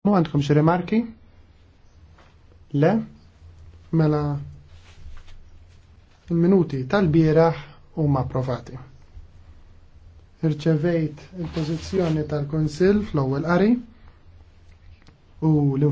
Mu għandkom xi rimarki? Le? Mela il-minuti tal-bieraħ huma approvati. Irċevejt il-pożizzjoni tal konsil fl-ewwel qari u l